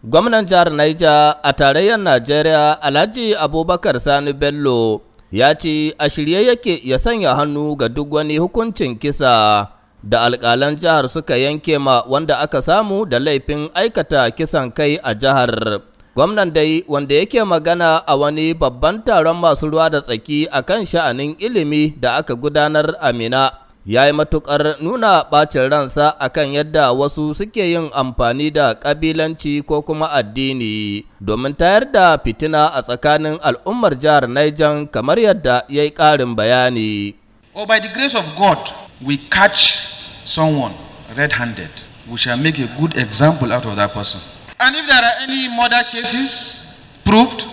Gwamnan jihar Niger a tarayyar Najeriya Alhaji Abubakar Sani Bello ya ce a shirye yake ya sanya hannu ga duk wani hukuncin kisa da Alkalan jihar suka yanke ma wanda aka samu da laifin aikata kisan kai a jihar. Gwamnan dai wanda yake magana a wani babban taron masu ruwa da tsaki a kan sha'anin ilimi da aka gudanar a Mina. ya yi matuƙar nuna ɓacin ransa a kan yadda wasu suke yin amfani da ƙabilanci ko kuma addini domin tayar da fitina a tsakanin al'ummar jihar Niger kamar yadda ya yi ƙarin bayani. Or by the grace of God, we catch someone red-handed. We shall make a good example out of that person. And if there are any murder cases proved,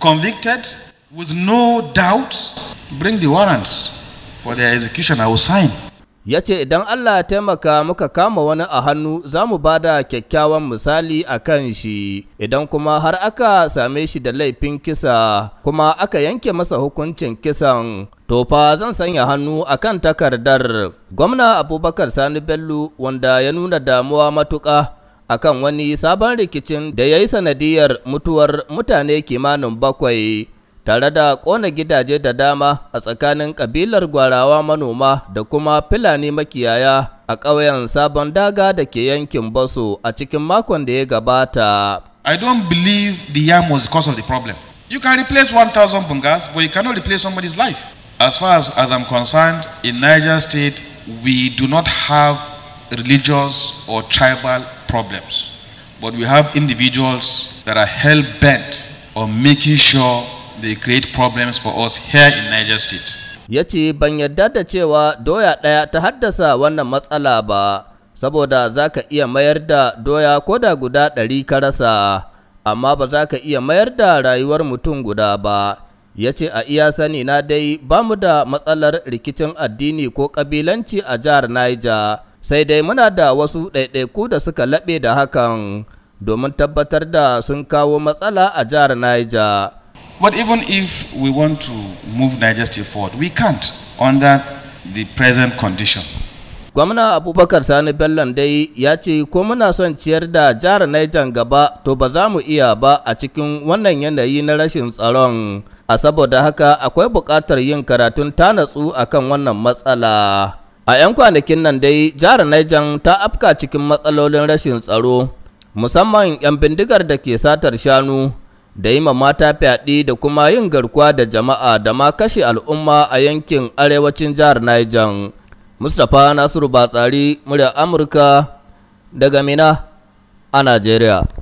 convicted, with no doubt, bring the warrants. for their execution I will sign. Ya ce idan Allah ya taimaka muka kama wani a hannu za mu ba da kyakkyawan misali a kan shi, idan kuma har aka same shi da laifin kisa kuma aka yanke masa hukuncin kisan to fa zan sanya hannu a kan takardar. Gwamna Abubakar Sani Bello wanda ya nuna damuwa matuƙa kan wani sabon rikicin da ya yi sanadiyar mutuwar mutane kimanin bakwai. tare da kona gidaje da dama a tsakanin ƙabilar gwarawa manoma da kuma filani makiyaya a ƙauyen Sabon Daga da ke yankin basu a cikin makon da ya gabata. I don't believe the yam was the cause of the problem. You can replace 1,000 bungas, but you cannot replace somebody's life. As far as, as I'm concerned, in Niger State, we do not have religious or tribal problems, but we have individuals that are hell bent on making sure they create problems for us here in Niger State. Ya ce ban yarda da cewa doya ɗaya ta haddasa wannan matsala ba, saboda zaka iya mayar da doya ko da guda ɗari ka rasa, amma ba za ka iya mayar da rayuwar mutum guda ba. Ya a iya sani na dai ba mu da matsalar rikicin addini ko ƙabilanci a jihar Niger, sai dai muna da wasu ɗaiɗaiku da suka laɓe da hakan domin tabbatar da sun kawo matsala a jihar Niger. But even if we want to move Niger State forward, we can't under the present condition. Gwamna Abubakar Sani Bello dai ya ce ko muna son ciyar da jihar Niger gaba to ba za mu iya ba a cikin wannan yanayi na rashin tsaron. A saboda haka akwai buƙatar yin karatun tanatsu a kan wannan matsala. A 'yan kwanakin nan dai jihar Niger ta afka cikin matsalolin rashin tsaro, musamman 'yan bindigar da ke satar shanu. da yi ma mata fyaɗe da kuma yin garkuwa da jama'a da ma kashe al'umma a yankin arewacin jihar Niger. Mustapha Nasiru Batsari, murya Amurka daga Mina a Najeriya.